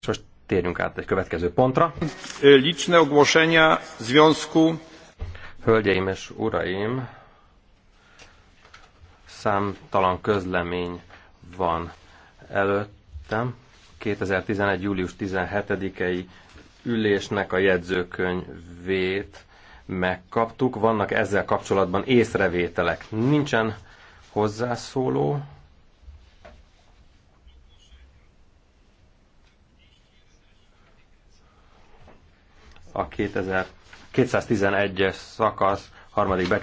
És most térjünk át egy következő pontra. E, liczne ogłoszenia związku. Hölgyeim és uraim, számtalan közlemény van előttem. 2011. július 17 ei ülésnek a jegyzőkönyvét megkaptuk. Vannak ezzel kapcsolatban észrevételek. Nincsen hozzászóló. a 2011 es szakasz harmadik bekezdése.